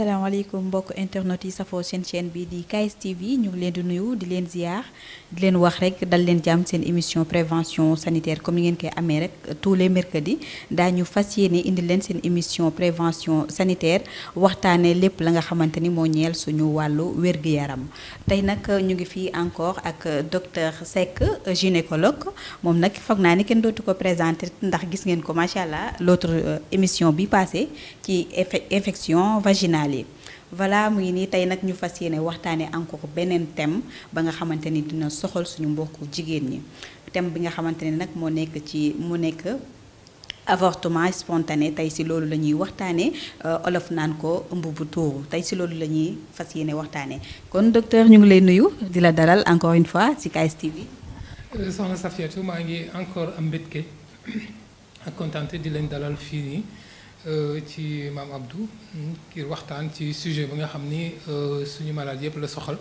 asalaamaaleykum mbokk internet yi safoo seen chaîne bi di KS TV ñu ngi leen di nuyu di leen ziar di leen wax rek dal leen jàmm seen émission prévention sanitaire comme ni ngeen koy amee rek tous les mercredis daañu fas yéene indi leen seen émission prévention sanitaire waxtaanee lépp la nga xamante ni moo ñeel suñu wàllu wér-gu-yaram tey nag ñu ngi fii encore ak docteur Seck gynécologue moom nag foog naa ni kenn dootu ko présenter ndax gis ngeen ko macha allah l'autre euh, émission bi passé ci infection vaginale yi. voilà muy nii tey nag ñu fas yéene waxtaanee encore beneen thème ba nga xamante ni dina soxal suñu mbokku jigéen ñi thème bi nga xamante ne nag moo nekk ci mu nekk avortement spontané tey si loolu la ñuy waxtaanee euh, olof naan ko ëmb bu tuuru tey si loolu la ñuy fas yéene waxtaanee kon docteur ñu ngi lay nuyu di la dalal encore une fois si KS TV. Euh, soxna Safiatou maa ngi encore am mbégte ak kontaan di lañ dalal fii nii. Euh, ci maam Abdou hmm, ngir waxtaan ci sujet ba nga xam ni euh, suñu malade yëpp la soxal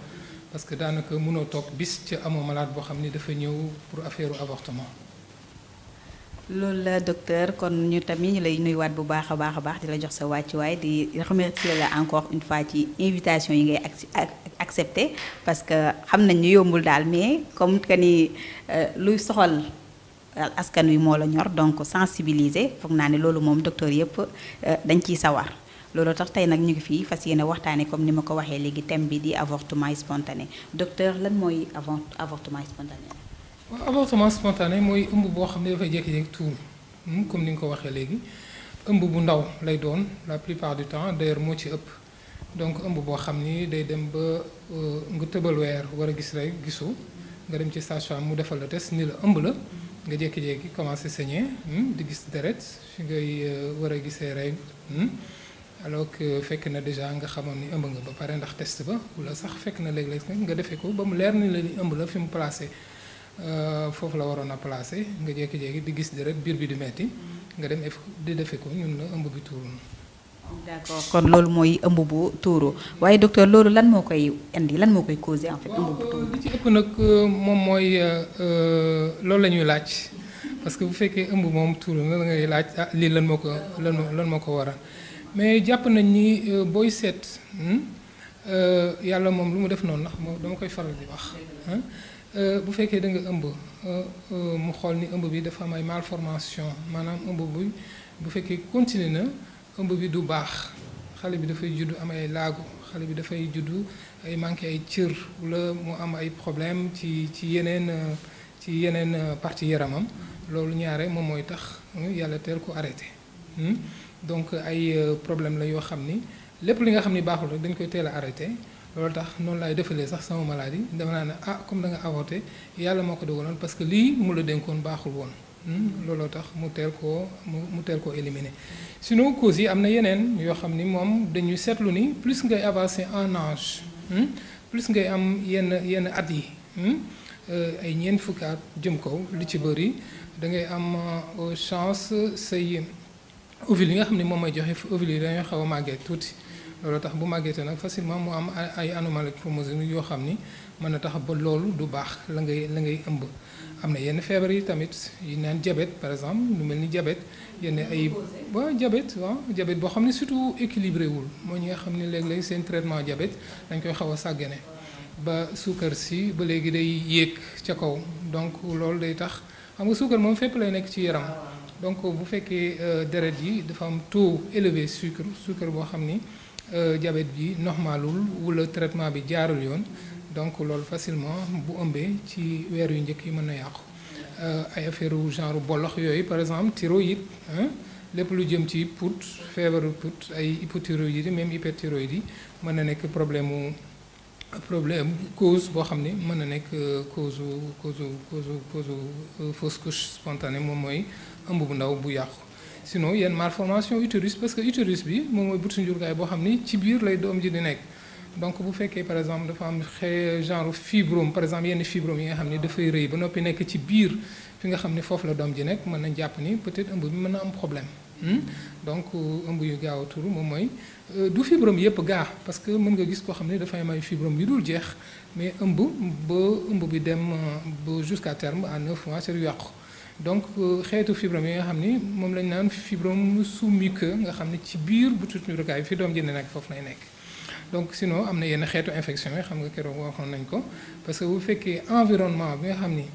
parce que daanaka mënoo toog bis ci amoo malade boo xam ni dafa ñëw pour affaire avortement. loolu la docteur kon ñu tamit ñu lay nuyuwaat bu baax a baax a baax di la jox sa wàcc waaye di remercier la encore une fois ci invitation yi ngay accepté parce que xam nañ ñu yombul daal mais comme que ni euh, luy soxal. askan wi moo la ñor donc sensibiliser foog naa ne loolu moom docteur yëpp euh, dañ ciy sawar loolu tax tey nag ñu ngi fii fas yéene waxtaanee comme ni ma ko waxee léegi thème bi di avortement spontané docteur lan mooy avant avortement spontané. waaw avortement mooy ëmb boo xam ne dafay jékki-jékki tuur hmm, comme ni nga ko waxee léegi ëmb bu ndaw lay doon la plupart du temps d'ailleurs moo ci ëpp donc ëmb boo xam ni day dem ba euh, nga tëbal weer war a gis rek gisu nga dem ci station mu defal la test ni la ëmb la. nga jékki-jékki commencé saigner hmm, di gis deret fi ngay euh, war a gisee rey hmm. alors fekk na déjà nga xamoon ni ëmb nga ba pare ndax test ba wala sax fekk na léeg-léeg nga defee ko ba mu leer ni la ëmb la fi mu placé euh, foofu la waroon a placé nga jékki-jékki di gis deret biir bi di metti nga dem di defee ko ñun la ëmb bi tuuru d'accord kon loolu mooy ëmb bu tuuru waaye docteur loolu lan moo koy indi lan moo koy causé en fait ëmb bu tuuru euh, li ci ëpp nag euh, moom mooy euh, loolu la ñuy laaj parce que bu fekkee ëmb moom tuuru na da ngay laaj ah lii lan moo ko lan lan moo ko waral mais jàpp nañ ni booy seet hmm, yàlla moom lu mu def noonu nax moom dama koy faral di wax bu fekkee da nga ëmb mu xool ni ëmb bi dafa am ay formation maanaam ëmb bu bu fekkee continuer na ëmb bi du baax xale bi dafay juddu am ay laago xale bi dafay juddu ay manqué ay cër la mu am ay problème ci ci yeneen ci yeneen partie yaramam loolu ñaare moom mooy tax yàlla teel ko arrêté hmm? donc ay euh, problème la yoo xam ni lépp li nga xam ni baaxul rek dañ koy teel a loolu tax noonu laay defalee sax sama maladie dama naa ne ah comme da nga avorté yàlla moo ko dogaloon parce que lii mu la dénkoon baaxul woon Hmm, looloo tax mu teel koo mu teel koo éliminer sinon causes yi am na yeneen yoo xam ni moom dañuy seetlu ni plus ngay avancer en âge hmm, plus ngay am yenn yenn at yi hmm, euh, ay ñeent fukki jëm kaw lu ci bëri da ngay am euh, chance say ovules yi nga xam ne moom may joxe ovules yi dañoo xaw a màggee tuuti loolu tax bu màggeete nag facilement mu am ay anomalie chromosome yoo xam ni mën a tax ba loolu du baax la ngay la ngay ëmb am na yenn feebar yi tamit yu naan diabète par exemple lu mel ni diabète yenn ay waaw diabète waaw jabet boo xam ne surtout équilibré wul mooy ñi nga xam ne léeg-léeg seen traitement diabète dañ koy xaw a sàggane ba suukar si ba léegi day yéeg ca kaw donc loolu day tax xam nga suukar moom fépp lay nekk ci yaram donc bu fekkee euh, deret yi dafa am tout élevé sucre sucre boo xam ni jabet euh, bi normalul wala traitement bi jaaral yoon donc loolu facilement bu ëmbee ci weer yu njëkk yi mën na yàqu euh, ay affaire genre bolox yooyu par exemple thyroïde lépp lu jëm ci put feebaru put ay hypothyroïde yi même hyperthyroïde yi mën na nekk problème mu problème cause boo xam ni mën na nekk euh, cause cause cause cause euh, fausse couche spontanée moom mooy ëmb bu ndaw bu yàqu sinon yenn malformation utérus parce que utérus bi moom mooy butu njurkaay boo xam ni ci biir lay doom ji di nekk donc bu fekkee par exemple dafa am xee genre fibrome par exemple yenn fibrome yi nga xam ne dafay rëy ba noppi nekk ci biir fi nga xam ne foofu la doom ji nekk mën nañ jàpp ni peut-être ëmb bi mën na am problème hmm? donc ëmb yu gaaw a turu moom mooy euh, du fibrome yëpp gaa parce que mën nga gis koo xam ne dafay may fibrome yu dul jeex mais ëmb ba ëmb bi dem euh, ba jusqu'à terme à 9 yàqu donc euh, xeetu fibrome yi nga xam ni moom lañ naan fibrome su muqueux nga xam ne ci biir bu tuuti rukaay fi doom ji ne nekk foofu lay nekk. donc sinon am na yenn xeetu infection yi xam nga keroog waxoon nañ ko parce que bu fekkee environnement bi nga xam ni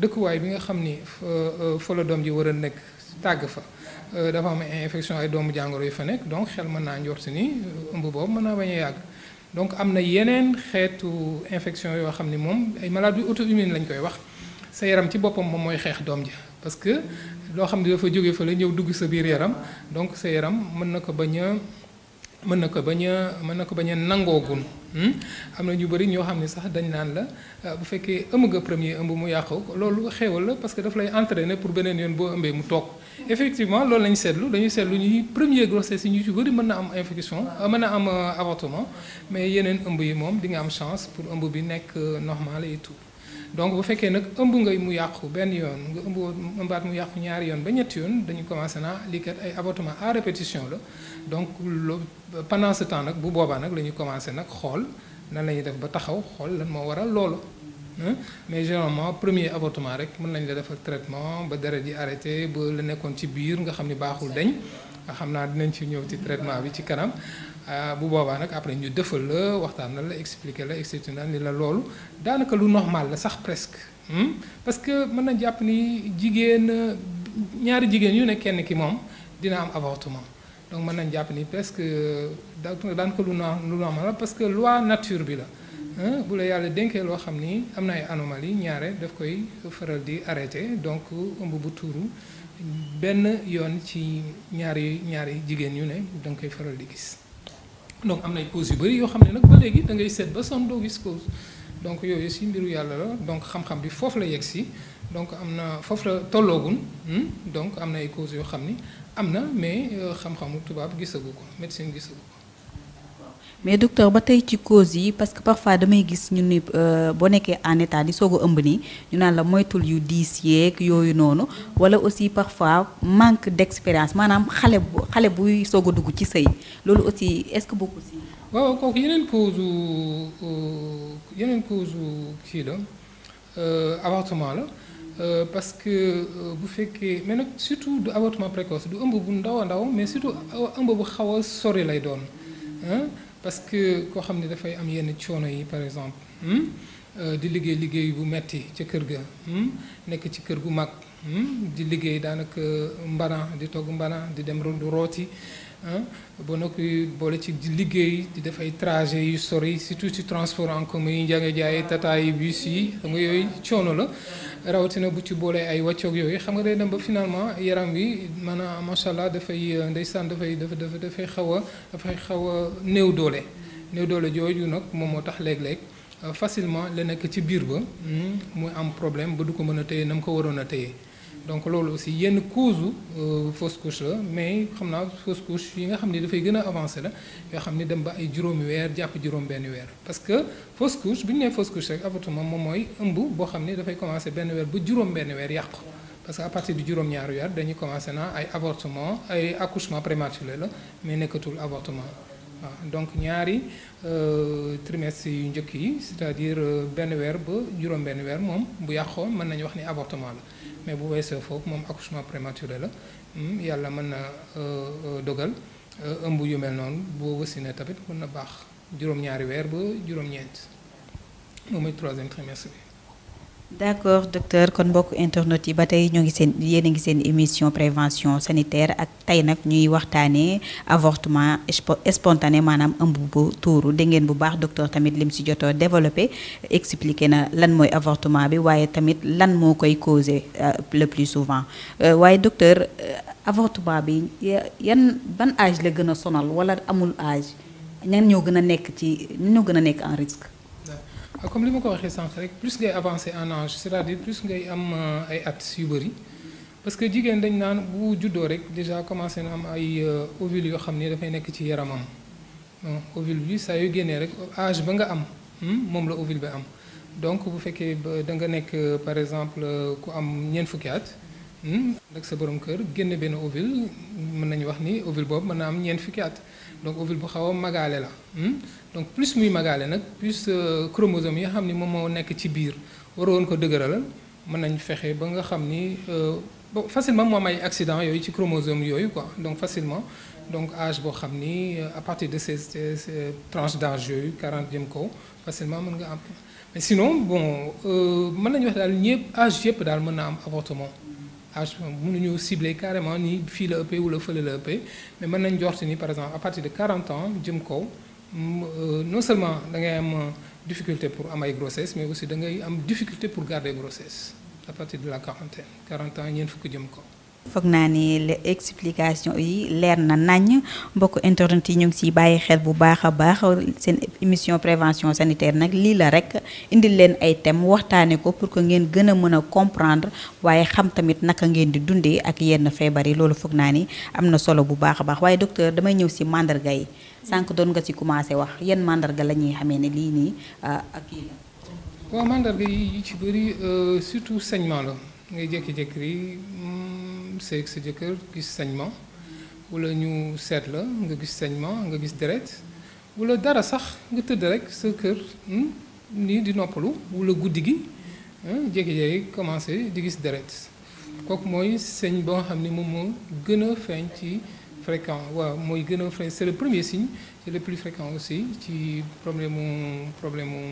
dëkkuwaay bi nga xam ni euh, euh, fa la doom ji war a nekk tàgg fa euh, dafa am infection ay doomu jàngoro yu fa nekk donc xel mën naa njort ni ëmb boobu mën naa bañ a yàgg donc am na yeneen xeetu infection yoo xam ni moom ay maladies auto-immunes lañ koy wax sa yaram ci boppam moom mooy xeex doom ji parce que loo xam ne dafa jóge fa la ñëw dugg sa biir yaram donc sa yaram mën na ko bañ a mën na ko bañ mën na ko bañ a nangoogun hmm? am na ñu bëri ñoo xam ne sax dañ naan la euh, bu fekkee ëmb nga premier ëmb mu yàqu loolu xéewal la parce que daf lay ne pour beneen yoon boo ëmbee mu toog effectivement loolu lañ seetlu dañuy seetlu ñuy premier grossesse yi ñu ci bëri mën na am infection euh, mën a am euh, avortement mais yeneen ëmb yi moom di nga am chance pour ëmb bi nekk normal et tout donc bu fekkee nag ëmb ngay mu yàqu benn yoon nga ëmb ëmbaat mu yàqu ñaari yoon ba ñetti yoon dañu commencé naa lii kat ay avortement à répétition la donc loo pendant ce nag bu boobaa nag la ñu commencé nag xool nan la ñuy def ba taxaw xool lan moo waral loolu mais généralement premier avortement rek mën nañ la defal traitement ba deret yi arrêté ba la nekkoon ci biir nga xam ni baaxul dañ nga xam naa dinañ ci ñëw ci traitement bi ci kanam Euh, bu boobaa nag après ñu defal la waxtaan na la expliquer la expliquer na la loolu daanaka lu normal la sax presque hmm? parce que mën na jàpp ni jigéen ñaari jigéen yu ne kenn ki moom dina am avortement donc mën nañ jàpp ni presque euh, daanaka lu lu normal la parce que loi nature bi la hmm? bu la yàlla dénkee loo xam nii am naay ay anomalie ñaare daf koy faral di arrêté donc ëmb bu tuuru benn yoon ci ñaari ñaari jigéen yu ne danga koy faral di gis donc am nay causes yu bëri yoo xam ne nag ba léegi da ngay seet ba son doo gis cause donc yooyu si mbiru yàlla la donc xam-xam bi foofu la yegg si donc am na foofu la tolloogun hmm, donc am na ay causes yoo xam ni am na mais euh, xam-xamu tubaab gisagu ko médecine gisagu ko mais docteur ba tey ci cause yi parce que parfois damay gis ñu ni euh, boo nekkee en di soog a ëmb nii ñu naan la moytul yu diis yeeg yooyu noonu wala aussi parfois manque d'expérience maanaam xale bu xale buy soog a dugg ci sëy loolu aussi est-ce que bokku si waaw kooku yeneen cause euh, yeneen cause kii la euh, avortement la parce que bu fekkee mais nag surtout du avortement précoce du ëmb bu ndaw ndaw mais surtout ëmb bu xaw a sori lay doon parce que koo xam ne dafay am yenn coono yi par exemple hmm, euh, di liggéey liggéey bu metti ca kër ga hmm, nekk ci kër gu mag Hmm? di liggéey daanaka mbana di togg mbana di dem rundu rooti ah? ba noppi boole ci liggéey di def ay trajet yu sori surtout ci transport en commun yi njange jaay tata yi bus yi xam yooyu coono la rawatina bu ci boolee ay wàccoog yooyu xam nga day dem ba finalement yaram wi man a macha allah dafay nday euh, ndeysaan dafay dafa dafa dafay xaw a dafay xaw a néew doole néew doole jooju nag moom moo tax léeg-léeg euh, facilement la nekk ci biir ba hmm, muy am problème ba du ko mën a téye na mu ko waroon a téye donc loolu aussi yenn cause euh, fausse couche la mais xam naa fausse couche yi nga xam ni dafay gën a avancé la yoo xam ni dem ba ay juróomi weer jàpp juróom benn weer parce que fausse couche bi ñu nee fausse couche rek avortement moom mooy ëmb boo xam ni dafay commencé benn weer ba juróom benn weer yàqu parce que à partir du juróom-ñaari weer dañuy commencé naa ay avortement ay accouchement prématuré la mais nekkatul avortement Ah, donc ñaari euh, trimestre yu njëkk yi c'est-à-dire euh, benn weer ba juróom-benn weer moom bu yàqoo mën nañu wax ni avortement la mais bu weesoo foofu moom accouchement prématuré la hmm, yàlla mën na euh, dogal ëmb yu mel noonu boo wasinee tamit mën na baax juróom-ñaari weer ba juróom-ñeent moom mooy troisième trimestre bi. d'accord docteur kon mbokk internet yi ba tey ñoo ngi seen yéen a ngi seen émission prévention sanitaire ak tey nag ñuy waxtaanee avortement spontané maanaam ëmb bu tuuru dégg bu baax doctor tamit lim si jotoo développé expliqué na lan mooy avortement bi waaye tamit lan moo koy causé euh, le plus souvent euh, waaye docteur euh, avortement bi yan ban âge la gën a sonal wala amul âge ñan ñoo gën a nekk ci ñan ñoo gën a nekk en risque Ah, comme li ma ko waxee sànq rek plus ngay avancer en âge c'est-à-dire plus ngay am euh, ay at yu bëri parce que jigéen dañ naan bu juddoo rek déjà commencé na am ay euh, ovules yoo xam ni dafay nekk ci yaramam ovule bi saa yu génnee rek age ba nga am hmm, moom la ovule bi am donc bu fekkee ba da nga nekk euh, par exemple ku am ñeent fukki at hmm, rek sa borom kër génn benn ovule mën nañu wax ni ovule boobu mën na am ñeent fukki at donc ovule bu xaw a magaale la hmm? donc plus muy magaale nag plus euh, chromosome yi nga xam ni moom moo nekk ci biir waroon ko dëgëralal mën nañ fexe ba nga xam ni euh, bon facilement moo am ay accident yooyu ci chromosome yooyu ko donc facilement donc âge boo xam ni euh, à partir de ces ces tranches dange yooyu 40 jëm kaw facilement mën nga am sinon bon mën nañu wax daal ñëpp âge yëpp daal mën naa am avortement âge mënuñu cibler carrément ni fii la ëppee wala fële la ëppee mais mën nañ jorti ni par exemple à partir de 40 ans jëm kaw euh, non seulement da ngay am euh, difficulté pour am ay grossesse mais aussi da ngay am difficulté pour garder grossesse à partir de la quarantaine 40 ans ñeent fukk jëm kaw foog naa ni explication yi leer na nàññ mbokk internet yi ñu ngi siy bàyyi xel bu baax a baax seen émission prévention sanitaire nag lii la rek indi leen ay thèmes waxtaanee ko pour que ngeen gën a mën a comprendre waaye xam tamit naka ngeen di dundee ak yenn feebar yi loolu foog naa ni am na solo bu baax a baax waaye docteur damay ñëw si mandarga yi sànq doon nga si commencé wax yan mandarga la ñuy xamee ne lii nii ah, ak kii la. waaw yi ci bëri euh, surtout saignement la. ngay jékki-jékki yi mm, seeg sa jëkkër gis saignement wala ñu seet la nga gis saignement nga gis deret wala dara sax nga tëdd rek sa kër hmm, nii di noppalu wala guddi gi hmm, jékki-jékki commencé di gis deret kooku mooy signe ba xam ne moom moo gën a feeñ ci fréquent waaw mooy gën a feeñ c'est le premier signe c'est le plus fréquent aussi ci problème mu problème mu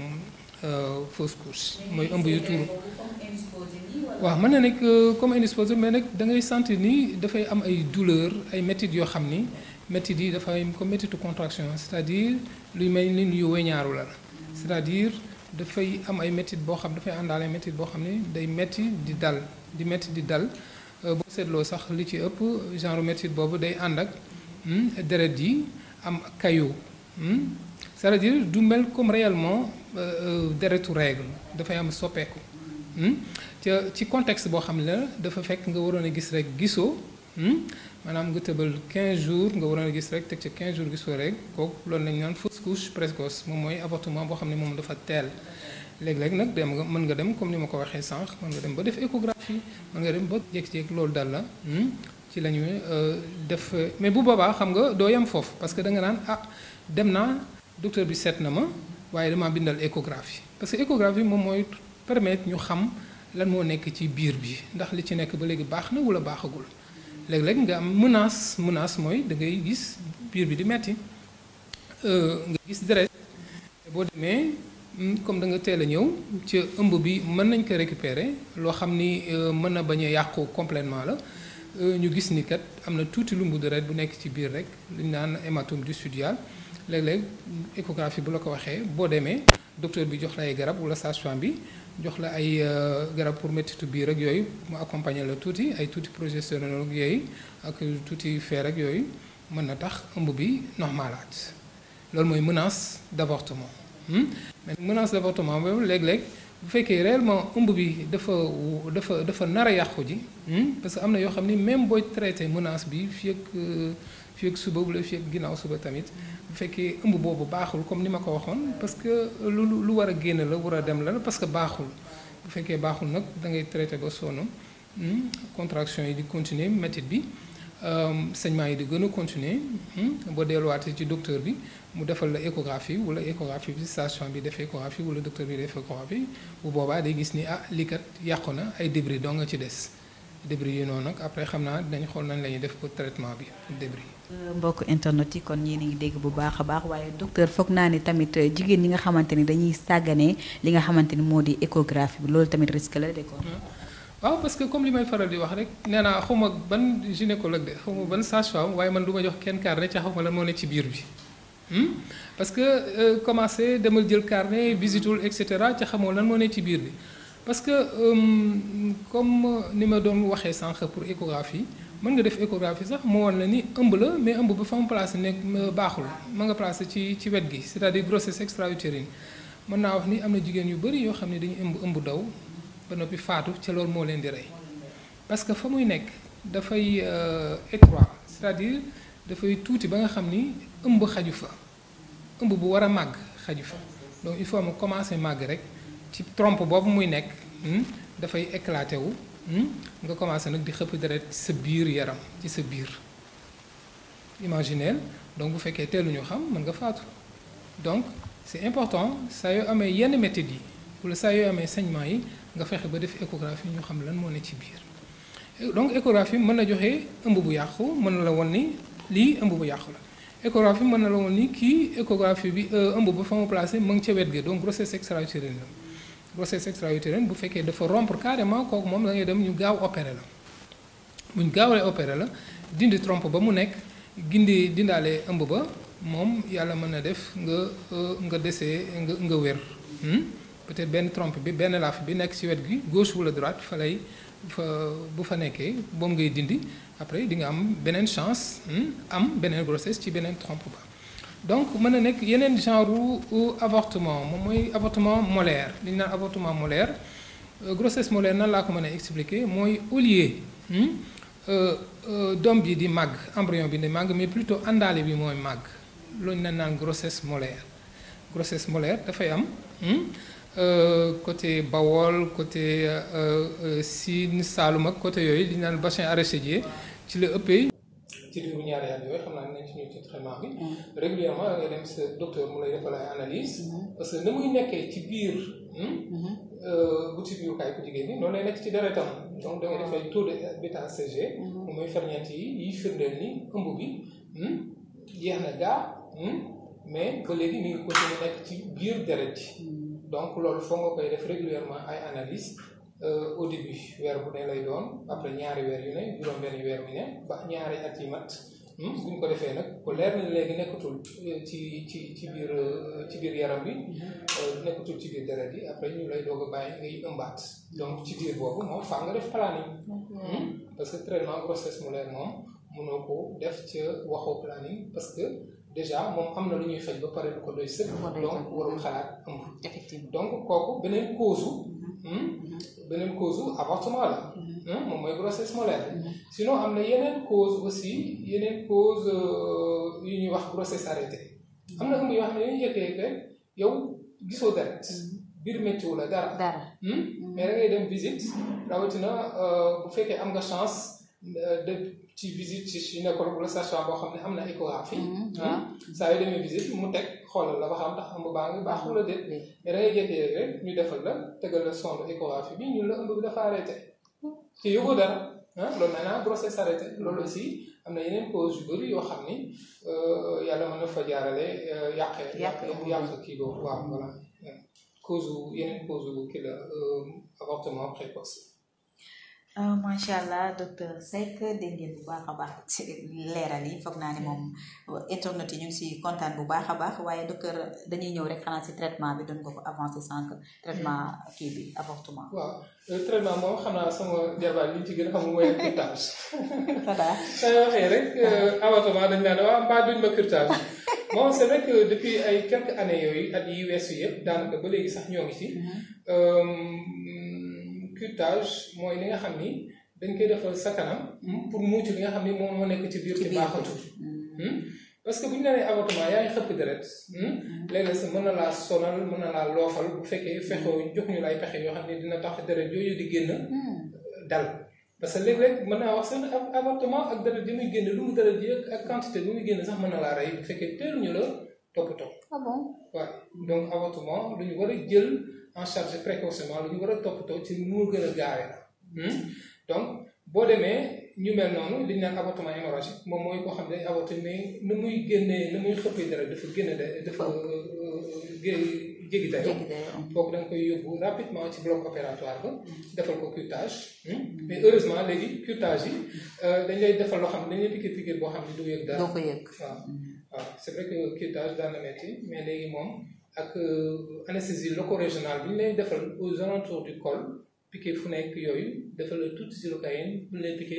Euh, fausse couche mooy ëmb yu tuuru waaw mën na nekk euh, comme indisposé mais nag da ngay sentir ni dafay am ay douleur ay métit yoo xam ni métit yi dafay comme métitu contraction c'est-à-dire luy mel ni yu weñaaru la c'est-à-dire dafay am ay métit boo xam dafay àndaale métit boo xam ni day métti di dal di métti di dal euh, seetloo sax li ci ëpp genre boobu day ànd ak hmm, deret yi am kayo hmm. c'est-à-dire du mel comme réellement euh, euh, deretu règle dafay am soppeeku ca hmm? ci contexte boo xam ne dafa fekk nga waroon a gis rek gisoo hmm? maanaam nga tëbal 15 jours nga waroon a gis rek teg ca 15 jours gisoo rek kooku loolu lañ naan fausse couche précoce moom mooy avortement boo xam ne moom dafa teel léeg-léeg nag dem nga mën nga dem comme ni ma ko waxee sànq mën nga dem ba def échographie mën nga dem ba jékki-jékki loolu dal la hmm? ci la ñuy euh, def mais bu boobaa xam nga doo yem foofu parce que da nga naan ah dem naa docteur bi seet na ma waaye dama bindal échographie parce que échographie moom mooy permettre ñu xam lan moo nekk ci biir bi ndax li ci nekk ba léegi baax na wala baaxagul léeg-léeg nga am menace menace mooy da ngay gis biir bi di metti euh, nga gis deret boo demee hmm, comme da nga teel a ñëw ci ëmb bi mën nañ ko récupérer loo xam ni euh, mën na bañ a yàqu complètement la euh, ñu gis ni kat am na tuuti lumbu deret bu nekk ci biir rek li ñu naan hématome du studial léeg-léeg échographie bu la ko waxee boo demee docteur bi jox la ay garab wala sage bi jox la ay euh, garab pour méttitu biir ak yooyu mu accompagner la tuuti ay tuuti progestérone ak yooyu ak tuuti fer ak yooyu mën na tax ëmb bi normalaat loolu mooy menace d'avortement hmm? mais menace d'avortement boobu léeg-léeg bu fekkee réellement ëmb bi dafa dafa dafa nar a yàqu ji hmm? parce que am na yoo xam ni même booy traité menace bi fii ak euh, fii ak suba wala fii ak ginnaaw suba tamit bu fekkee ëmb boobu baaxul comme ni ma ko waxoon parce que lu lu war a génn la war a dem la parce que baaxul bu fekkee baaxul nag dangay ngay traité ba sonn hmm, contraction yi di continuer métit bi euh, saignement yi di gën a continuer hmm, boo delluwaatee ci docteur bi mu defal la échographie wala échographie bi station bi def échographie wala docteur bi def échographie bu boobaa day gis ni ah lii yàqu na ay débris doo nga ci des débris yi noonu nag après xam naa dinañ xool nañ la ñuy def pour traitement bi pour mbokk internet yi kon ñii ngi dégg bu baax a baax waaye docteur foog naa ni tamit euh, jigéen ñi nga xamante ni dañuy sàggane li nga xamante ni moo di échographie bi loolu tamit risque la de ko mm-hmm. waaw parce que comme li may faral di wax rek nee naa xaw ban gynécologue de xaw ma ban sage waaye man du ma jox kenn carnet ci xaw ma lan moo ne ci biir bi. Hmm? parce que euh, commencé demal jël carnet visitul et cetera ca xamoo lan moo ne ci biir bi parce que comme ni ma doon waxee sànq pour échographie. mën nga def échographie sax mu woon la ni ëmb la mais ëmb ba fa mu placé nekk euh, baaxul ma nga placé ci ci wet gi c'est-à-dire grossesse extra-utérine mën naa wax ni am na jigéen yu bëri yoo xam ne dañuy ëmb ëmb daw ba noppi faatu ca loolu moo leen di rey parce que fa muy nekk dafay euh, étroit c'est-à-dire dafay tuuti ba nga xam ni ëmb xaju fa ëmb bu war a màgg xaju fa donc il faut mu commencer màgg rek ci trompe boobu muy nekk hmm, dafay éclaté wu Hmm? nga commencé nag di xëpp deret ci sa biir yaram ci sa biir imagineel donc bu fekkee teeluñu xam mën nga faatu donc c'est important saa yoo amee yenn métit yi wala saa yoo amee saignement yi nga fexe ba def échographie ñu xam lan moo ne ci biir donc échographie mën na joxe ëmb bu yàqu mën na la woon ni lii ëmb bu yàqu la échographie mën na la woon ni kii échographie bi euh, ëmb ba fa mu placé mu ngi ca wet gi donc grossesse extra-utérine la grossesse extra-utérine bu fekkee dafa rompre carrément kooku moom la ngay dem ñu gaaw opéré la bu ñu gaawee la dindi trompe ba mu nekk gindi dindaale ëmb ba moom yàlla mën na def nga euh, nga desee nga nga wér hmm? peut-être benn trompe bi benn laaf bi nekk ci wet gi gauche wala droite fa lay fa bu fa nekkee boobu ngay dindi après di nga am beneen chance hmm? am beneen grossesse ci beneen trompe ba donc mën na nekk yeneen genre avortement moom mooy avortement molaire li ñu naan avortement molaire euh, grossesse molaire nan laa ko mën a expliquer mooy au lieu hmm, euh, euh, doom bi di màgg embrion bi di màgg mais plutôt àndaale bi mooy màgg loolu na naan grossesse molaire grossesse molaire dafay am hmm, côté Bawol côté Sine Saalum ak côté yooyu li ñu naan bassin arachidier ci la ëppee ci diiru ñaari at yooyu xam naa ne nañ ci ñëw ci traitement bi. Mm. régulièrement da ngay dem sa docteur mu lay defal ay analyse mm-hmm. parce que ni muy nekkee ci biir. Hmm? Mm-hmm. Euh, bu ci biir kaay ku jigéen ñi noonu lay nekk ci deretam. donc da ngay def ay taux de bêta HCG. mu mm-hmm. muy ferñeent yi yiy firndeel ni ëmb bi yéex hmm? na gaa hmm? mais ba léegi mi ngi continuer nekk ci biir deret yi donc loolu foo nga koy def régulièrement ay analyse Euh, au début weer bu ne lay doon après ñaari weer yu ne juróom-benn weer yu ne ba ñaari at yi mat buñ hmm? ko defee nag ku leer na léegi nekkatul euh, ci ci ci biir euh, biir yaram bi mm-hmm. nekkatul ci biir deret yi après ñu lay doog a bàyyi ngay ëmbaat donc ci biir boobu moom faa nga def planning mm-hmm. hmm? parce que traitement grossesse mu leer moom mënoo ko def ca waxoo planning parce que déjà moom am na lu ñuy faj ba pare du ko doy sëkk donc warul xalaat ëmb donc kooku beneen cause Hmm? Mm-hmm. beneen cause avortement la mm-hmm. hmm? moom mooy grossesse molaire sinon am na yeneen cause aussi yeneen cause euh, yu ñuy wax grossesse arrêtée am na ëmb yoo xam ne yooyu yëkkee yow gisoo deret mm-hmm. biir météo la dara hmm? mais da ngay dem visite rawatina euh, bu fekkee am nga chance euh, de ci visite ci nekkoon wala station boo xam ne am na échographie. Mm-hmm. Mm-hmm. waaw saa yu demee visite mu teg xoolal la ba xam ndax ëmb baa ngi baax wala déet. mais da rek ñu defal la tegal la sonde échographie bi ñun la ëmb bi dafa arrêté. te yóbbu dara ah loolu maintenant grossesse arrêté loolu aussi am na yeneen cause yu bëri yoo xam ni euh, yàlla mën na fa jaarale euh, yàqee. yàqee mu yàq kii boobu waaw voilà. cause yeneen cause yu kii la euh, avortement précoce. Ah, macha allah docteur Seck dégg ngeen bu baax a baax ci leeral yi foog naa ne moom internet yi ñu ngi si kontaan bu baax a baax waaye docteur dañuy ñëw rek xanaa si traitement bi doon nga ko avancé sànq traitement kii bi avortement. waaw euh, traitement moom xam naa sama jarbaat li a xam mooy curtage. voilà soo waxee rek euh, avortement dañ naan waaw mbaa duñ ma curtage bon c'est vrai depuis ay quelques année yooyu at yi weesu yëpp daanaka ba léegi sax ñoo si curettage mooy li nga xam ni dañ koy defal sa kanam hmm, pour mucc li nga xam ni moom moo nekk ci biir te baaxatul hmm. hmm. parce que bu ñu nee avortement yaay xëpp deret léeg-léeg sa mën na laa sonal mën na laa loofal bu fekkee fexoo jox ñu lay pexe yoo xam ne dina tax deret yooyu di génn dal parce que léeg-léeg mën naa wax sax avortement ak deret yi muy génn lu mu deret yi ak quantité bi muy génn sax mën na laa rey bu fekkee teeluñu la topp topp ah bon waaw donc avortement lu ñu war a jël en charge précocement lu ñu war a toppatoo ci nu mu gën a gaawee la donc boo demee ñu mel noonu li ñu naan avortement hémorragique moom mooy koo xam ne avorté mais ni muy génnee ni muy xëppee dara dafa de dafa euh, euh, jéggi dayoo kooku da nga koy yóbbu rapidement ci bloc opératoire ba mm. defal ko curetage hm? mm. mais heureusement léegi curetage yi euh, dañ lay defal loo xam ne dañ lay piqué boo xam ne du yëg dara doo ko yëg waaw mm. waaw c'est vrai que curetage daan na mais léegi moom ak euh, anesthésie locorégionale bi ñu lay defal aux alentours du col piqué fu nekk yooyu defal la tuuti silocaïne bu ñu lay piqué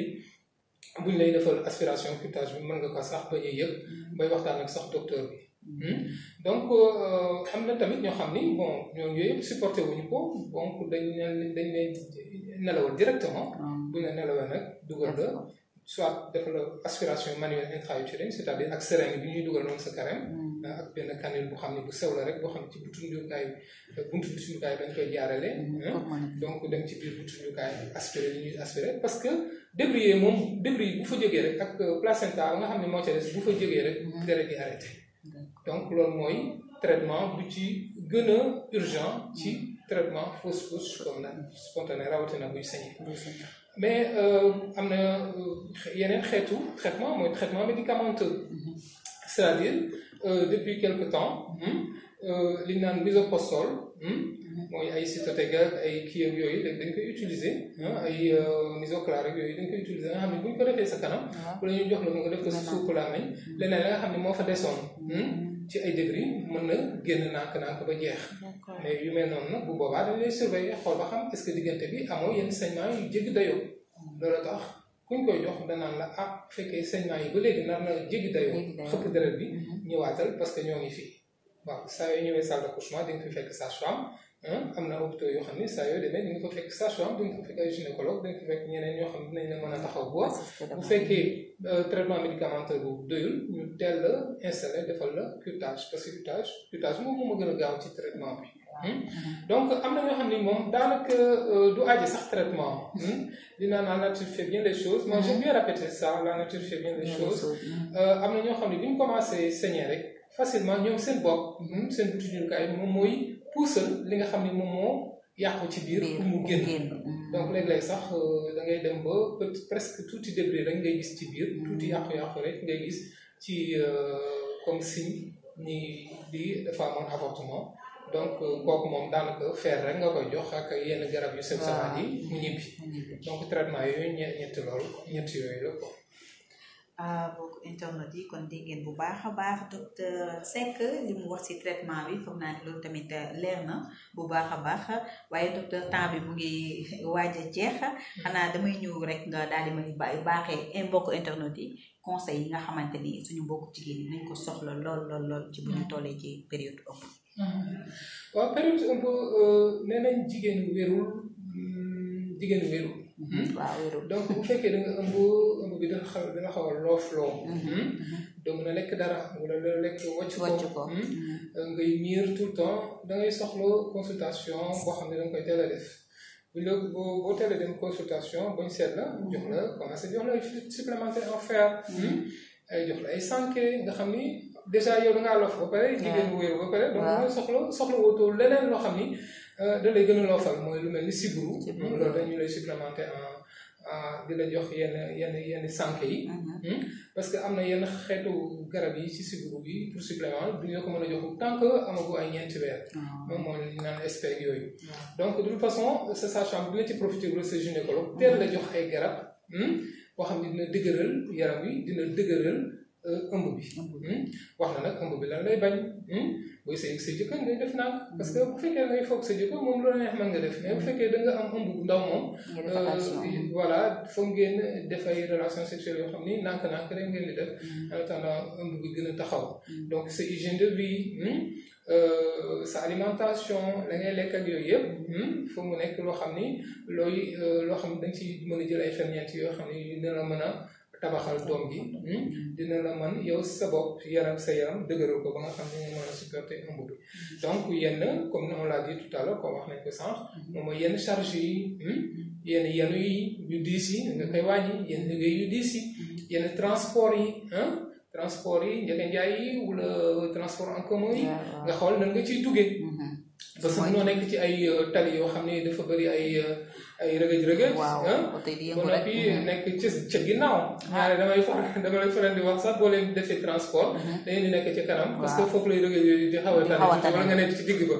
bu ñu lay defal aspiration curettage bi mën nga ko sax bañ a yëg bay waxtaan ak sax docteur bi. Hmm? donc xam euh, na tamit ñoo xam ni ñoo ñoom yooyu yëpp supporté wuñu ko donc dañ leen dañ leen nelawal directement. Hmm. bu ñu la nelawal nag dugal la. soit defal la aspiration manuelle intra-utérine c'est-à-dire ak seringue bi ñuy dugal noonu sa carême. Hmm. ak benn kanil bu xam ne bu sew rek boo xam ci buntu njuukaay buntu njuukaay dañ koy jaarale. Mm-hmm. donc dem ci biir buntu njuukaay aspiré li ñuy aspiré parce que débris moom débris bu fa jógee rek ak euh, placenta nga xam ne moo ca des bu fa jógee rek. Mm-hmm. deret di arrêté. donc loolu mooy traitement bu ci gën a urgent ci mm-hmm. traitement fausse couche comme nag spontané rawatina buy sañee. mais euh, am na euh, yeneen xeetu traitement mooy traitement médicamenteux. c'est-à-dire. Euh, depuis quelque temps hmm, euh, li ñu naan misoprostol hmm, mooy ay cytotégua ay kii ak yooyu dañ koy utiliser hmm, ay euh, misoclar ak yooyu dañ koy utiliser nga xam ne bu ñu ko defee sa kanam. bu la ñuy jox la nga def ko si suuf la nañ leneen la nga xam ne moo fa desoon. Mm-hmm. ci ay degré mën na génn nànk-nànk ba jeex. mais yu mel noonu nag bu boobaa dañ lay surveiller xool ba xam parce que diggante bi amoo yenn saignement yu jéggi dayoo mm-hmm. loolu tax. ku ñu koy jox danaan la ah fekkee saignement yi ba léegi nar na jéggi dayoo xëpp deret bi mhm. ñëwaatal parce que ñoo ngi fii waaw saa yoo ñëwee salle d'accouchement di fi fekk sage-femme am na hôpitaux yoo xam ne saa yoo demee di nga ko fekk sa femme di fekk ay gynécologue di nga ñeneen ñoo xam ne dinañ la mën a taxaw boo bu fekkee euh, traitement médicamenteux bu doyul ñu teel la installé defal la curetage parce que curetage curetage moom moo ma gën a gaaw ci traitement bi donc am na ñoo xam ni moom euh, du aaji sax traitement naan la nature fait bien les la nature fait euh, na ñoo xam ne bi ñu commencé saigner rek facilement ñoom seen bopp hmm, seen tujukaay moom mooy puusal li nga xam ne moom moo yàqu ci biir mu génn donc mm. léeg-léeg sax euh, da ngay dem ba presque tuuti débris rek ngay gis ci biir mm. tuuti yàqu-yàqu rek ngay gis ci euh, comme signe ni di dafa amoon avortement donc euh, kooku moom daanaka feer rek nga koy jox ak yenn garab yu sew saxaat yi mu ñibbi donc traitement yooyu ñetti loolu ñett yooyu la mbokk euh, internet yi kon dégg bu baax a baax docteur Seck li mu wax ci traitement bi foog naa ne loolu tamit euh, leer na bu baax a baax waaye docteur temps bi mu ngi waaj a jeex xanaa damay ñëw rek nga daal di may baaxee mbokk internet yi conseil yi nga xamante ni suñu mbokk jigéen ñi nañ ko soxla lool lool lool ci bu ñu tollee ci période ëmb. Mm-hmm. waaw période ëmb euh, nee jigéen wérul mm, jigéen mm-hmm. wérul. donc bu fekkee da nga bi dafa xaw dina xaw a loofloo mhm. hmm? mhm. doo mën a lekk dara wala loo lekk wàcc ko hmm? mhm. euh, ngay miir tout le temps da ngay soxla consultation boo xam ne da nga koy teel a def bu boo boo a dem consultation bañ seet la jox la commencé jox la supplémentaire en fer hmm? ay jox la ay sànke nga xam ni déjà yow da loof ba pare jigéen wéeru ba pare donc loolu soxla soxla wootoo leneen loo xam ni euh, da lay a loofal mooy lu mel ni sibru loolu dañu lay supplémenter en di la jox yenn yenn yenn sànq yi. Mhm. Hmm? parce que am na yenn xeetu garab yi ci sibiru bi pour supplément du ñu ko mën a jox tant que amagu ay ñeenti weer. Ah. moom mooy naan expert yooyu. Ah. donc de toute façon ça sage bi dina ci profité wala sa gynécologue teel la mhm. jox ay garab. Hmm? boo xam ne dina dëgëral yaram wi dina dëgëral euh, ëmb bi. Hmm? wax na nag ëmb bi lan lay bañ. booy sëy sa jëkkër ngay def naag parce que bu fekkee ngay foog sa jëkkër moom lu la neex nga def mais bu fekkee da nga am ëmb bu moom euh, voilà foog ngeen def ay relation sexuelle yoo xam ni nànk-nànk rek ngeen di def mm. en attendant ëmb bi gën a taxaw mm. donc sa hygiène de vie hmm, euh, sa alimentation la ngay lekk ak yooyu yëpp hmm, foog mu nekk loo xam ni looy euh, loo xam ne da nga ci mën a jël ay ferñeent yoo xam ne dina la a tabaxal doom bi hmm? dina la man yow sa bopp yaram sa yaram dëgëral ko ba nga xam ne nga a supporter ëmb bi l'a dit ko sànq moom mooy yenn charge yi hmm? yenn yenn yi yu diis yi nga koy transport yi hmm? transport yi yi wala transport en commun yi nga xool nan nga ciy duggee mhm. parce que mënoo nekk ci ay euh, tali yoo xam ne dafa bëri ay euh, ay rëgëj rëgëj. waaw oto yi yëngu rek nekk ci ca ginnaaw. ñaare damay faral damay faral di wax sax boo leen defee transport. dañuy nekk ci kanam. Mm-hmm. parce que foofu lay rëgëj yooyu di xaw a tane wala nga nekk ci digg ba.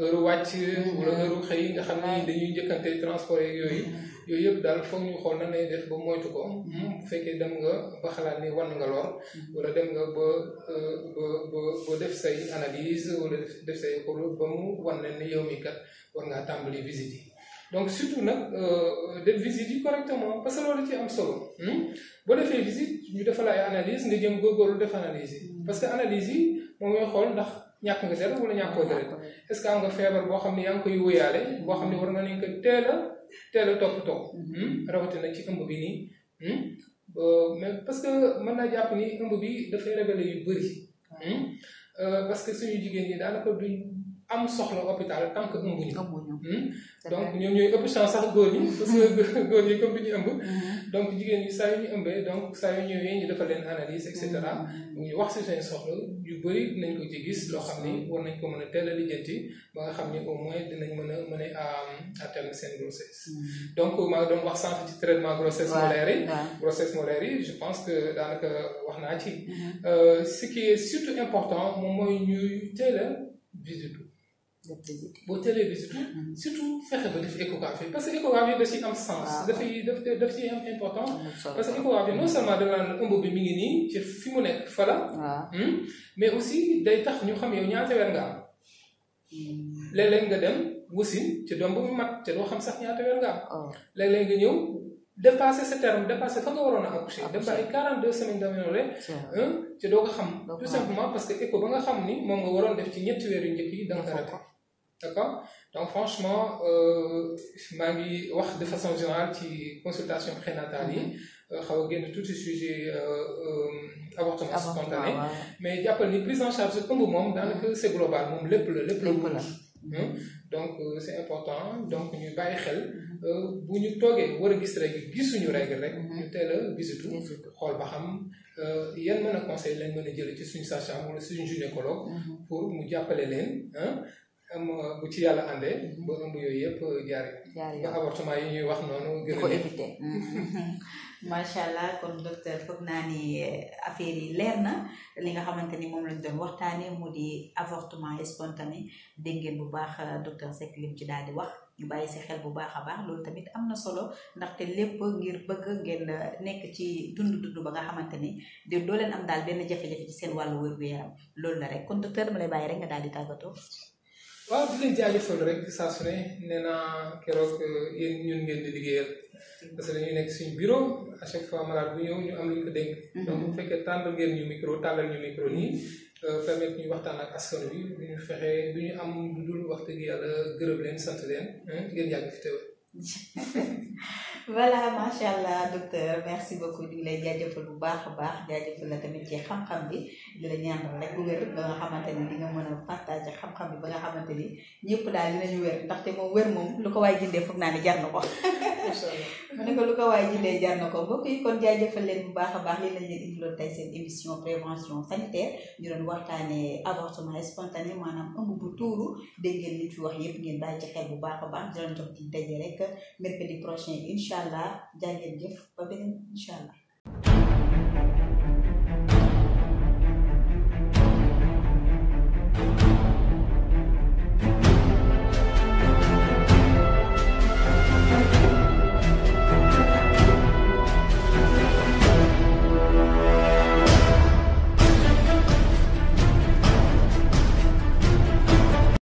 heure wàcc wala heure xëy nga xam ni dañuy njëkkante eh, mm-hmm. transport yeeg yooyu. Mm-hmm. yooyu yëpp daal foog ñu xool nan lay def ba moytu ko. bu fekkee dem nga ba xalaat ni wan nga lor. wala dem nga ba ba ba def say analyse wala def say école ba mu wan leen ni yow mi kat war ngaa tàmbali visite yi. donc surtout nag euh, def visite yi correctement parce que loolu ci am solo hmm? boo defee visite ñu defal ay analyse nga jëm góorgóorlu def analyse yi parce que analyse yi moom ngay xool ndax ñàkk nga deret wala ñàkkoo deret est-ce que am nga feebar boo xam ne yaa ngi koy wóyaale boo xam ne war nga nañ ko teel a teel a topp topp hmm? rawatina ci ëmb bi nii hmm? euh, mais parce que mën naa jàpp ni ëmb bi dafay révéler yu bëri euh, parce que suñu jigéen ñi daanaka duñ am soxla hôpital tant que ëmbuñu. Hmm? donc ñoom ñooy ëpp chance sax góor ñi parce que mm-hmm. góor ñi comme du ñu ëmb. Mm-hmm. donc jigéen ñi saa yu ñu ëmbee donc saa yu ñëwee ñu defal leen analyse et mm-hmm. ñu wax si seen soxla yu bëri dinañ ko ci gis loo xam ni war nañ ko mën a teel a lijjanti ba nga xam ni au moins dinañ mën a mën a à terme seen grossesse. donc maa ngi wax sànq ci traitement grossesse molaire yi. grossesse molaire yi je pense que daanaka wax naa ci. Euh, ce qui est surtout important moom mooy ñuy teel a boo teelee visite mm-hmm. surtout fexe ba def que échographie daf ciy am sens ah, dafay daf daf ciy bi mi ngi nii ci ah. hmm, mais aussi day tax ñu xam yow ñaata weer nga am mm. léeg-léeg nga dem wasin ci doom bu mu mat te doo xam sax ñaata weer oh. sa terme dépassé fa a accoucher dem ba ay 42 semaines d'aménorrhée te doo ko xam tout simplement parce que écho ba nga xam ni moom nga waroon def ci ñetti weer yu njëkk yi da nga d'accord donc franchement euh, maa ngi wax de façon générale ci consultation prénatale yi euh, xaw a génn tout ce sujet euh, avortement spontané mais jàppal ni prise en charge ëmb moom daanaka c'est global moom lépp la lépp la donc c'est important donc ñu bàyyi xel bu ñu toogee war a gis rek gisuñu rek rek ñu teel a mhm. xool ba xam yan mën a conseil lañ mën a jël ci suñu sage-femme wala suñu gynécologue mhm. pour mu jàppale leen am uh, bu ci yàlla àndee ba ëmb yooyu yëpp uh, jaar ba avortement yi ñuy wax noonu. gën a ko éviter. Mm-hmm. macha allah kon docteur foog naa ni uh, affaire yi leer na li nga xamante ni moom lañ doon waxtaanee mu di avortement spontané dégg ngeen bu baax docteur Seck lim ci daal di wax. ñu si xel bu baax a baax tamit am na solo ndaxte lépp ngir bëgg ngeen nekk ci dund dund ba nga xamante ni di doo leen am daal benn jafe seen wàllu wér-gu-yaram loolu la rek kon docteur ma lay rek nga daal di tàggatoo. waaw di leen jaajëfal rek saa su ne nee naa keroog yéen ñun ngeen di liggéeyal parce que dañuy nekk suñu bureau à chaque fois malade bu ñëw ñu am lu mhm. donc bu fekkee tàndal ngeen ñu micro tàndal ñu micro nii euh, permettre ñu waxtaan ak askan wi bu ñu fexee am lu dul wax dëgg yàlla gërëm leen sant leen ngeen yàgg fi teew. voilà macha allah docteur merci beaucoup di lay jaajëfal bu baax a baax jaajëfal la tamit ci xam-xam bi di la ñaanal rek ni di nga mën a partager xam ni ñëpp daal dinañu ndaxte moom wér moom lu ko waay jëndee foog naa ne jar na ko. mu ne ko lu ko waay jëndee jar na ko mbokk yi kon jaajëfal leen bu baax a baax lii lañ leen indiloon tey seen émission prévention sanitaire ñu doon waxtaanee avortement spontané maanaam ëmb bu tuuru dégg ngeen li wax yëpp ngeen bàyyi ci xel bu baax a baax di leen jox di daje rek. nekk mercredi prochain incha allah jaa ngeen jëf allah.